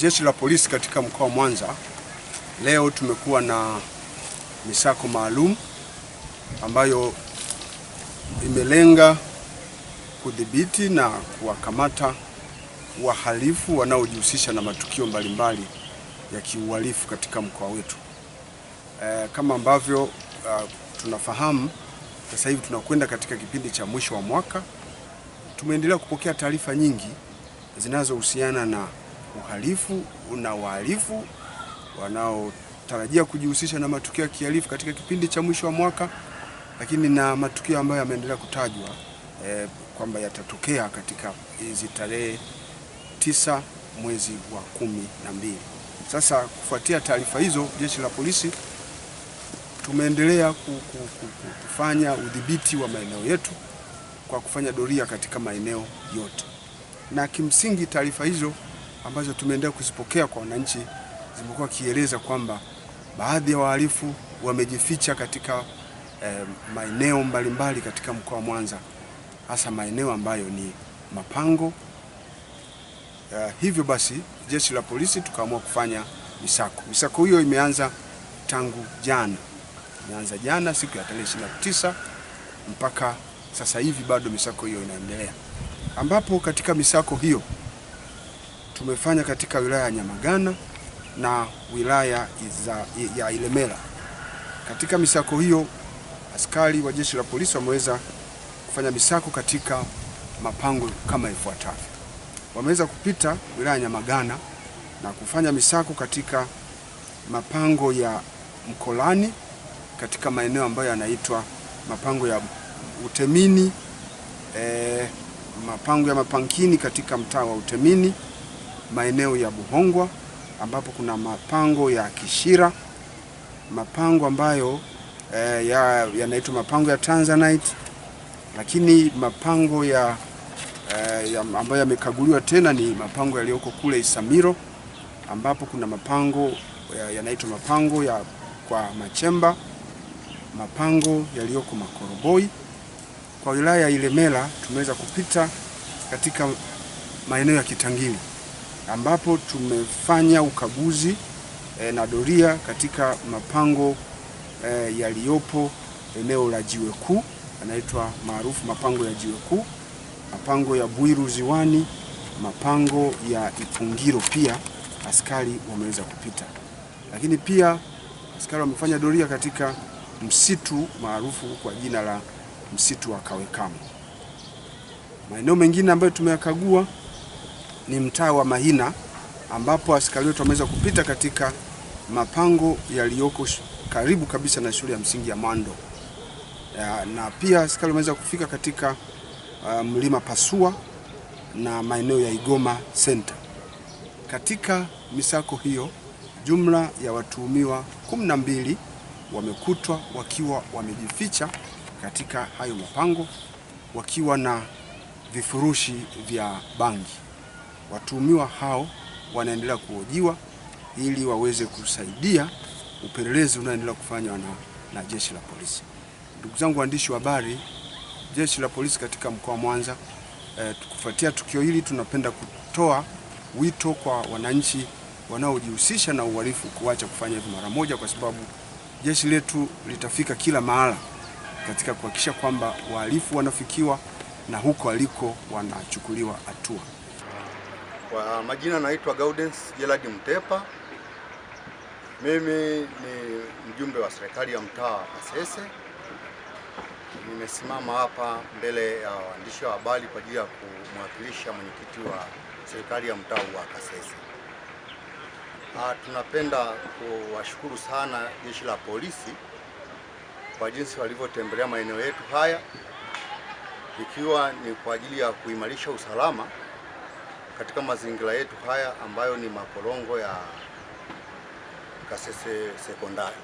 Jeshi la polisi katika mkoa wa Mwanza leo tumekuwa na misako maalum ambayo imelenga kudhibiti na kuwakamata wahalifu wanaojihusisha na matukio mbalimbali ya kiuhalifu katika mkoa wetu. E, kama ambavyo uh, tunafahamu sasa hivi tunakwenda katika kipindi cha mwisho wa mwaka. Tumeendelea kupokea taarifa nyingi zinazohusiana na uhalifu una wahalifu wanaotarajia kujihusisha na matukio ya kihalifu katika kipindi cha mwisho wa mwaka, lakini na matukio ambayo yameendelea kutajwa eh, kwamba yatatokea katika hizi tarehe tisa mwezi wa kumi na mbili. Sasa kufuatia taarifa hizo, jeshi la polisi tumeendelea kufanya udhibiti wa maeneo yetu kwa kufanya doria katika maeneo yote, na kimsingi taarifa hizo ambazo tumeendelea kuzipokea kwa wananchi zimekuwa kieleza kwamba baadhi ya wahalifu wamejificha katika eh, maeneo mbalimbali katika mkoa wa Mwanza, hasa maeneo ambayo ni mapango. Eh, hivyo basi jeshi la polisi tukaamua kufanya misako. Misako hiyo imeanza tangu jana, imeanza jana siku ya tarehe 29 mpaka sasa hivi bado misako hiyo inaendelea, ambapo katika misako hiyo tumefanya katika wilaya ya Nyamagana na wilaya iza, ya Ilemela. Katika misako hiyo askari wa jeshi la polisi wameweza kufanya misako katika mapango kama ifuatavyo. Wameweza kupita wilaya ya Nyamagana na kufanya misako katika mapango ya Mkolani katika maeneo ambayo yanaitwa mapango ya Utemini, eh, mapango ya Mapankini katika mtaa wa Utemini maeneo ya Buhongwa ambapo kuna mapango ya Kishira, mapango ambayo eh, yanaitwa ya mapango ya Tanzanite, lakini mapango ya, eh, ya ambayo yamekaguliwa tena ni mapango yaliyoko kule isamiro ambapo kuna mapango yanaitwa ya mapango ya kwa Machemba, mapango yaliyoko Makoroboi. Kwa wilaya ya Ilemela tumeweza kupita katika maeneo ya Kitangili ambapo tumefanya ukaguzi e, na doria katika mapango e, yaliyopo eneo la Jiwe Kuu anaitwa maarufu mapango ya Jiwe Kuu, mapango ya Bwiru Ziwani, mapango ya Ipungiro, pia askari wameweza kupita. Lakini pia askari wamefanya doria katika msitu maarufu kwa jina la msitu wa Kawekamo. Maeneo mengine ambayo tumeyakagua ni mtaa wa Mahina ambapo askari wetu wameweza kupita katika mapango yaliyoko karibu kabisa na shule ya msingi ya Mwando ya, na pia askari wameweza kufika katika uh, mlima Pasua na maeneo ya Igoma Center. Katika misako hiyo jumla ya watuhumiwa kumi na mbili wamekutwa wakiwa wamejificha katika hayo mapango wakiwa na vifurushi vya bangi. Watuhumiwa hao wanaendelea kuhojiwa ili waweze kusaidia upelelezi unaoendelea kufanywa na, na jeshi la polisi. Ndugu zangu waandishi wa habari, jeshi la polisi katika mkoa wa Mwanza eh, kufuatia tukio hili tunapenda kutoa wito kwa wananchi wanaojihusisha na uhalifu kuacha kufanya hivyo mara moja, kwa sababu jeshi letu litafika kila mahala katika kuhakikisha kwamba wahalifu wanafikiwa na huko aliko wanachukuliwa hatua. Kwa majina naitwa Gaudens Gerard Mtepa. Mimi ni mjumbe wa serikali ya mtaa wa Kasese. Nimesimama hapa mbele ya waandishi wa habari kwa ajili ya kumwakilisha mwenyekiti wa serikali ya mtaa wa Kasese. Ah, tunapenda kuwashukuru sana jeshi la polisi kwa jinsi walivyotembelea maeneo yetu haya ikiwa ni kwa ajili ya kuimarisha usalama katika mazingira yetu haya ambayo ni makorongo ya Kasese sekondari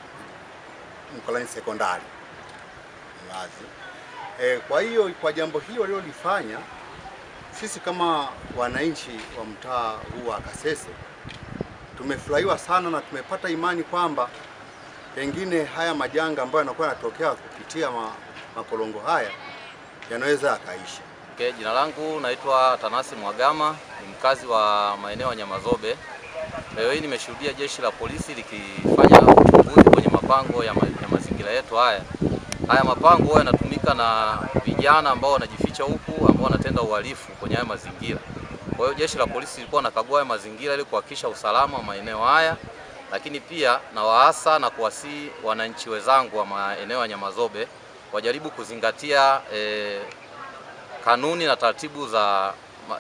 Mkolani sekondari Mlazi. E, eh, kwa hiyo kwa jambo hili waliolifanya sisi kama wananchi wa mtaa huu wa Kasese tumefurahiwa sana na tumepata imani kwamba pengine haya majanga ambayo yanakuwa yanatokea kupitia makorongo haya yanaweza yakaisha. Okay, jina langu naitwa Tanasi Mwagama, ni mkazi wa maeneo ya Nyamazobe. Leo hii nimeshuhudia jeshi la polisi likifanya uchunguzi kwenye mapango ya, ma, ya mazingira yetu haya. Haya mapango huwa yanatumika na vijana ambao wanajificha huku ambao wanatenda uhalifu kwenye haya mazingira. Kwa hiyo jeshi la polisi lilikuwa nakagua haya mazingira ili kuhakikisha usalama wa maeneo haya, lakini pia na waasa na kuwasii wananchi wenzangu wa maeneo ya Nyamazobe wajaribu kuzingatia eh, kanuni na taratibu za,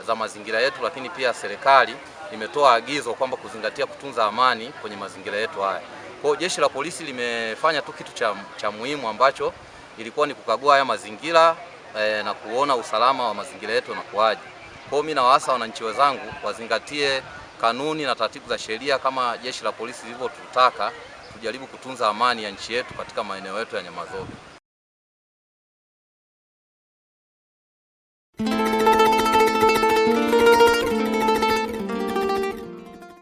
za mazingira yetu, lakini pia serikali imetoa agizo kwamba kuzingatia kutunza amani kwenye mazingira yetu haya. Kwa hiyo jeshi la polisi limefanya tu kitu cha, cha muhimu ambacho ilikuwa ni kukagua haya mazingira e, na kuona usalama wa mazingira yetu unakuwaje. Kwa hiyo mimi nawaasa wananchi wenzangu wazingatie kanuni na taratibu za sheria kama jeshi la polisi lilivyotutaka, tujaribu kutunza amani ya nchi yetu katika maeneo yetu ya Nyamazobe.